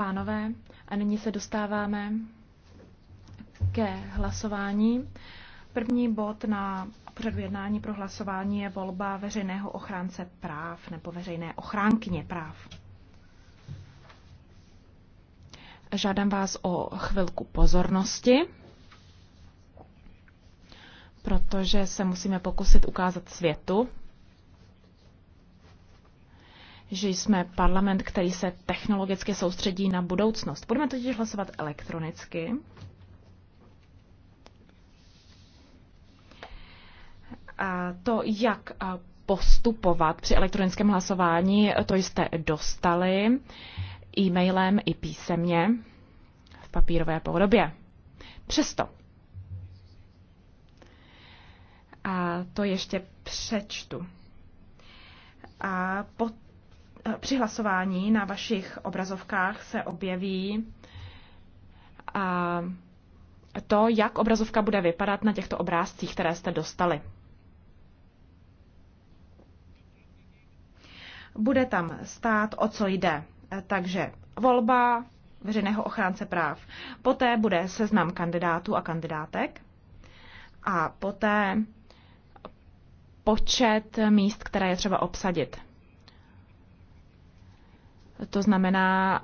Pánové, a nyní se dostáváme ke hlasování. První bod na pořadu jednání pro hlasování je volba veřejného ochránce práv nebo veřejné ochránkyně práv. Žádám vás o chvilku pozornosti, protože se musíme pokusit ukázat světu, že jsme parlament, který se technologicky soustředí na budoucnost. Budeme totiž hlasovat elektronicky. A to, jak postupovat při elektronickém hlasování, to jste dostali e-mailem i písemně v papírové podobě. Přesto. A to ještě přečtu. A pot při hlasování na vašich obrazovkách se objeví a to, jak obrazovka bude vypadat na těchto obrázcích, které jste dostali. Bude tam stát, o co jde. Takže volba veřejného ochránce práv. Poté bude seznam kandidátů a kandidátek. A poté počet míst, které je třeba obsadit to znamená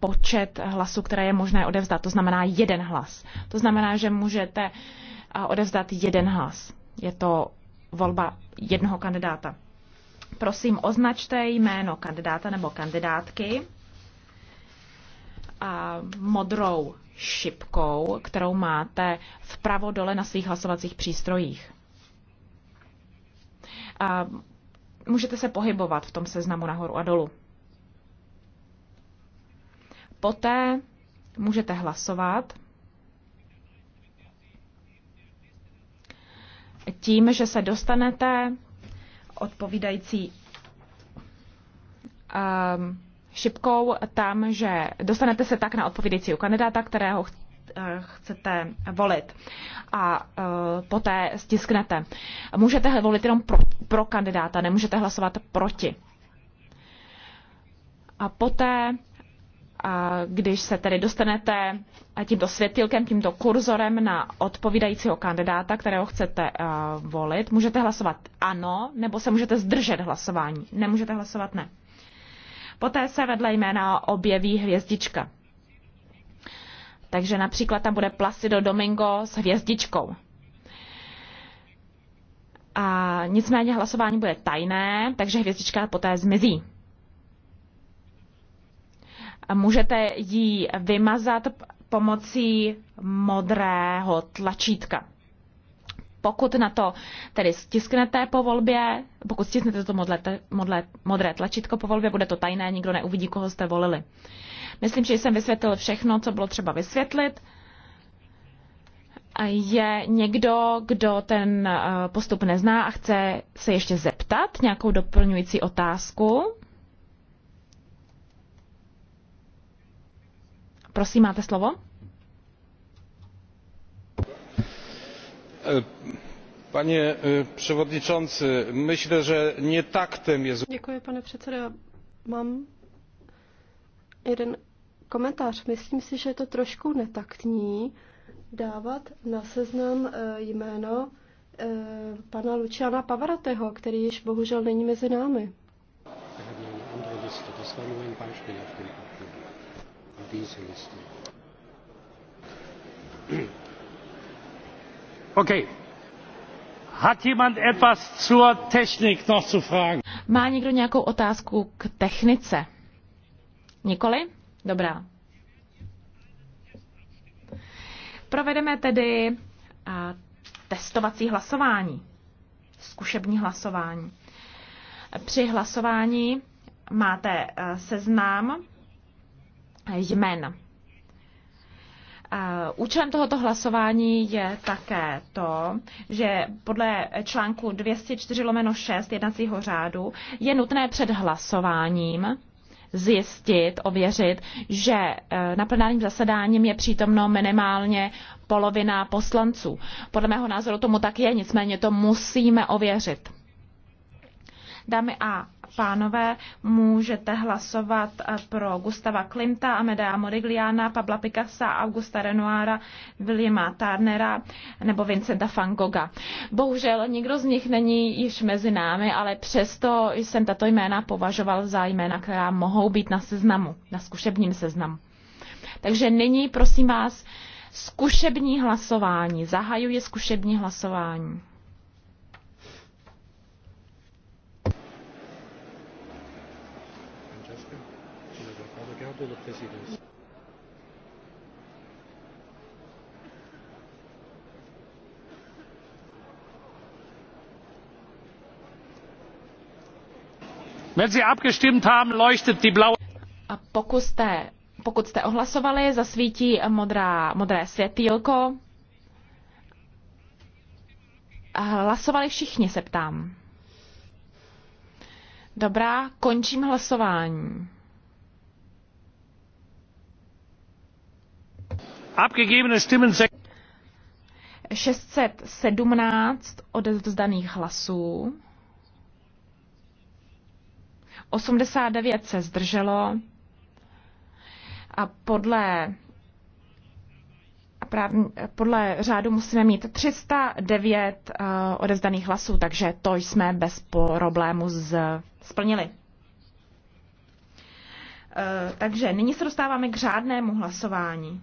počet hlasů, které je možné odevzdat, to znamená jeden hlas. To znamená, že můžete odevzdat jeden hlas. Je to volba jednoho kandidáta. Prosím, označte jméno kandidáta nebo kandidátky a modrou šipkou, kterou máte vpravo dole na svých hlasovacích přístrojích. A můžete se pohybovat v tom seznamu nahoru a dolů. Poté můžete hlasovat tím, že se dostanete odpovídající um, šipkou tam, že dostanete se tak na odpovídajícího kandidáta, kterého eh, chcete volit a uh, poté stisknete. Můžete volit jenom pro, pro kandidáta, nemůžete hlasovat proti. A poté když se tedy dostanete tímto světilkem, tímto kurzorem na odpovídajícího kandidáta, kterého chcete eh, volit, můžete hlasovat ano, nebo se můžete zdržet hlasování. Nemůžete hlasovat ne. Poté se vedle jména objeví hvězdička. Takže například tam bude Placido Domingo s hvězdičkou. A nicméně hlasování bude tajné, takže hvězdička poté zmizí. Můžete ji vymazat pomocí modrého tlačítka. Pokud na to tedy stisknete po volbě, pokud stisknete to modlé, modlé, modré tlačítko po volbě, bude to tajné, nikdo neuvidí, koho jste volili. Myslím, že jsem vysvětlil všechno, co bylo třeba vysvětlit. Je někdo, kdo ten eh, postup nezná a chce se ještě zeptat nějakou doplňující otázku? Prosím, máte slovo? E, panie e, przewodniczący, myślę, że nie taktem jest. Děkuji, pane předsedo. mám jeden komentář. Myslím si, že je to trošku netaktní dávat na seznam e, jméno pana Luciana Pavarateho, který již bohužel není mezi námi diese Liste. Okay. Hat jemand etwas zur Technik noch zu fragen? Má někdo nějakou otázku k technice? Nikoli? Dobrá. Provedeme tedy a, testovací hlasování, zkušební hlasování. Při hlasování máte seznám jména. Účelem tohoto hlasování je také to, že podle článku 204 lomeno 6 jednacího řádu je nutné před hlasováním zjistit, ověřit, že eh, na plenárním zasedáním je přítomno minimálně polovina poslanců. Podle mého názoru tomu tak je, nicméně to musíme ověřit. Dámy a pánové, můžete hlasovat eh, pro Gustava Klimta, Amedea Morigliana, Pabla Picassa, Augusta Renoira, Williama Turnera nebo Vincenta van Gogha. Bohužel nikdo z nich není již mezi námi, ale přesto jsem tato jména považoval za jména, která mohou být na seznamu, na zkušebním seznamu. Takže nyní prosím vás, zkušební hlasování. Zahajuji zkušební hlasování. de la Wenn Sie abgestimmt haben, leuchtet die blaue. A pokud jste, pokud jste ohlasovali, zasvítí modrá, modré světýlko. Hlasovali všichni, se ptám. Dobrá, končím hlasování. Abgegebene Stimmen 617 odevzdaných hlasů, 89 se zdrželo a podle, právní, podle řádu musíme mít 309 uh, eh, odevzdaných hlasů, takže to jsme bez problému z, splnili. Uh, takže nyní se dostáváme k řádnému hlasování.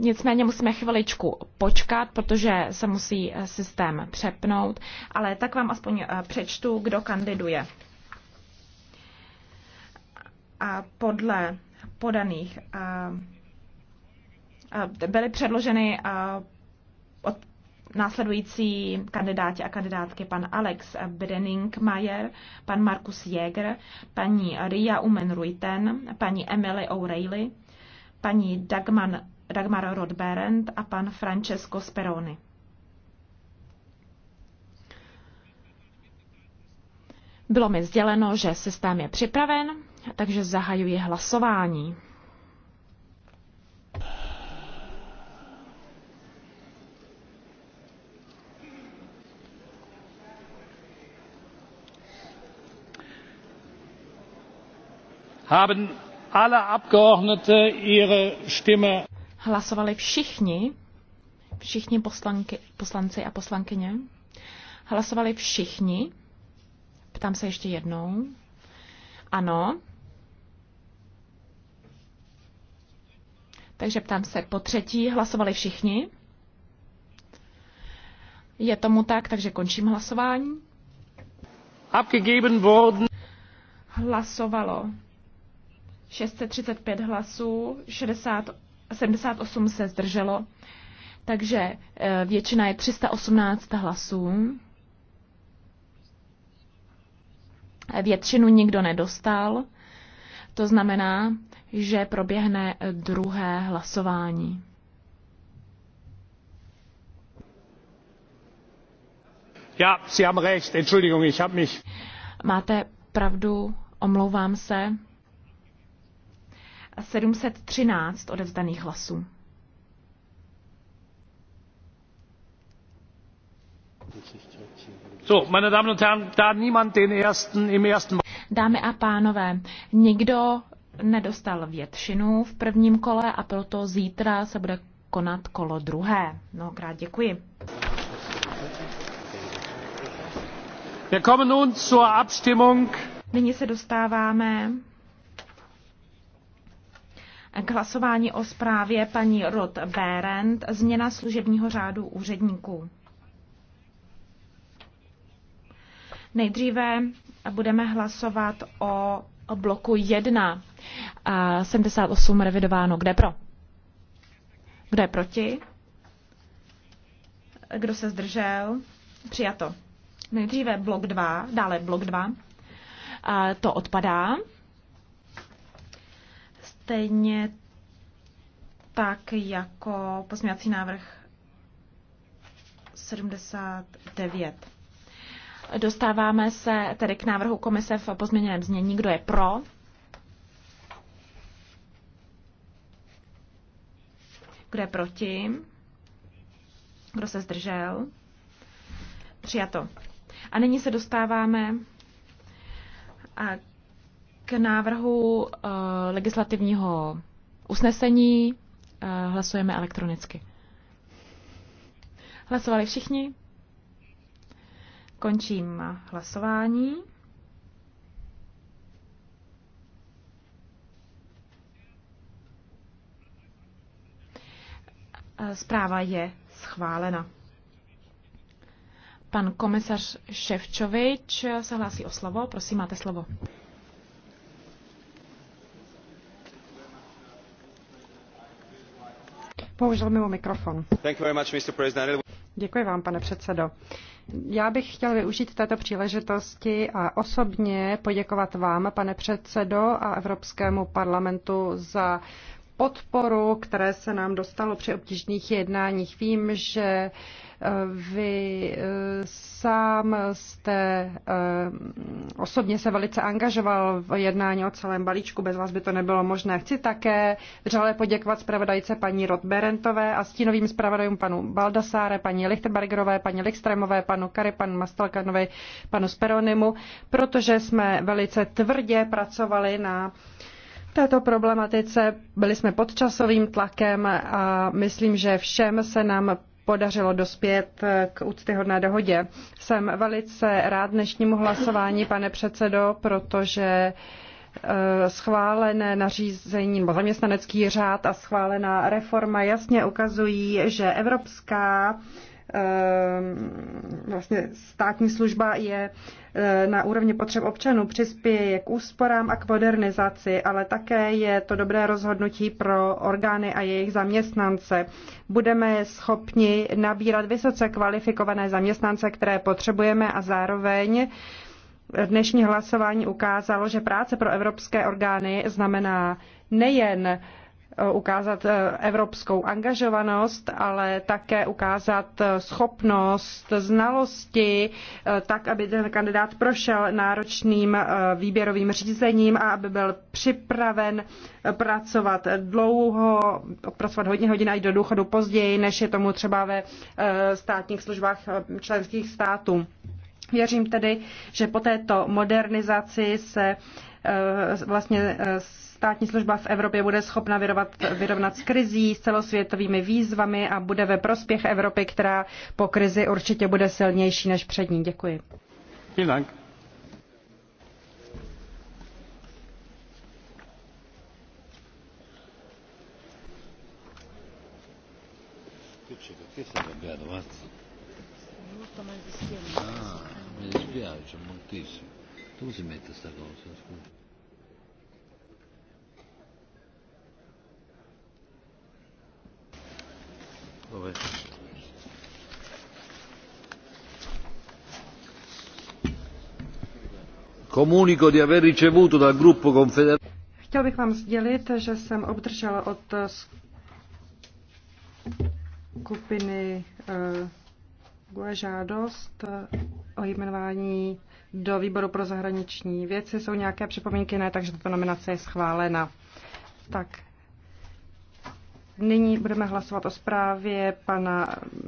Nicméně musíme chviličku počkat, protože se musí eh, systém přepnout, ale tak vám aspoň eh, přečtu, kdo kandiduje. A podle podaných eh, byly předloženy od následující kandidáti a kandidátky pan Alex Brenningmajer, pan Markus Jäger, paní Ria Umenruiten, paní Emily O'Reilly, paní Dagman Dagmar Rodberend a pan Francesco Speroni. Bylo mi sděleno, že systém je připraven, takže zahajuji hlasování. Haben alle Abgeordnete ihre Stimme Hlasovali všichni, všichni poslanky, poslanci a poslankyně. Hlasovali všichni. Ptám se ještě jednou. Ano. Takže ptám se po třetí. Hlasovali všichni? Je tomu tak, takže končím hlasování. Abgegeben worden. Hlasovalo 635 hlasů, 68 78 se zdrželo, takže eh, většina je 318 hlasů. Většinu nikdo nedostal, to znamená, že proběhne druhé hlasování. Ja, Sie haben recht. Entschuldigung, ich habe mich. Máte pravdu, omlouvám se. 713 odevzdaných hlasů. So, meine Damen und Herren, da niemand den ersten im ersten Dámy a pánové, nikdo nedostal většinu v prvním kole a proto zítra se bude konat kolo druhé. Mnohokrát děkuji. Wir kommen nun zur Abstimmung. Nyní se dostáváme k hlasování o zprávě paní Rod Berend, změna služebního řádu úředníků. Nejdříve budeme hlasovat o bloku 1, 78 revidováno. Kde pro? Kdo je proti? Kdo se zdržel? Přijato. Nejdříve blok 2, dále blok 2. To odpadá stejně tak jako pozměňovací návrh 79. Dostáváme se tedy k návrhu komise v pozměněném znění. Kdo je pro? Kdo je proti? Kdo se zdržel? Přijato. A nyní se dostáváme k návrhu uh, legislativního usnesení uh, hlasujeme elektronicky. Hlasovali všichni? Končím hlasování. Eh, zpráva je schválena. Pan komisař Ševčovič se hlásí o slovo. Prosím, máte slovo. Použil mimo mikrofon. Děkuji vám, pane předsedo. Já bych chtěl využít této příležitosti a osobně poděkovat vám, pane předsedo, a Evropskému parlamentu za podporu, které se nám dostalo při obtížných jednáních. Vím, že eh, vy eh, sám jste eh, osobně se velice angažoval v jednání o celém balíčku, bez vás by to nebylo možné. Chci také vřele poděkovat zpravodajce paní Rodberentové a stínovým zpravodajům panu Baldasáre, paní Lichtenbergerové, paní Lichstremové, panu Kary, panu Mastalkanovi, panu Speronimu, protože jsme velice tvrdě pracovali na uh, této problematice. Byli jsme pod časovým tlakem a myslím, že všem se nám podařilo dospět k úctyhodné dohodě. Jsem velice rád dnešnímu hlasování, pane předsedo, protože eh, schválené nařízení nebo zaměstnanecký řád a schválená reforma jasně ukazují, že evropská Ehm, vlastně státní služba je eh, na úrovni potřeb občanů, přispěje k úsporám a k modernizaci, ale také je to dobré rozhodnutí pro orgány a jejich zaměstnance. Budeme schopni nabírat vysoce kvalifikované zaměstnance, které potřebujeme a zároveň dnešní hlasování ukázalo, že práce pro evropské orgány znamená nejen uh, Eh, ukázat eh, evropskou angažovanost, ale také ukázat eh, schopnost, znalosti, tak, aby ten kandidát prošel náročným výběrovým řízením a aby byl připraven pracovat dlouho, pracovat hodně hodin a i do důchodu později, než je tomu třeba ve státních službách členských států. Věřím tedy, že po této modernizaci se vlastně státní služba v Evropě bude schopna vyrovat, vyrovnat s krizí, s celosvětovými výzvami a bude ve prospěch Evropy, která po krizi určitě bude silnější než před ní. Děkuji. Jinak. Ah, mi dispiace moltissimo. Dove si mette sta cosa? Scusa. pánové. di aver ricevuto dal gruppo Chtěl bych vám sdělit, že jsem obdržel od skupiny eh, GUE žádost eh, o jmenování do výboru pro zahraniční věci. Jsou nějaké připomínky? Ne, takže tato nominace je schválena. Tak Nyní budeme hlasovat o zprávě pana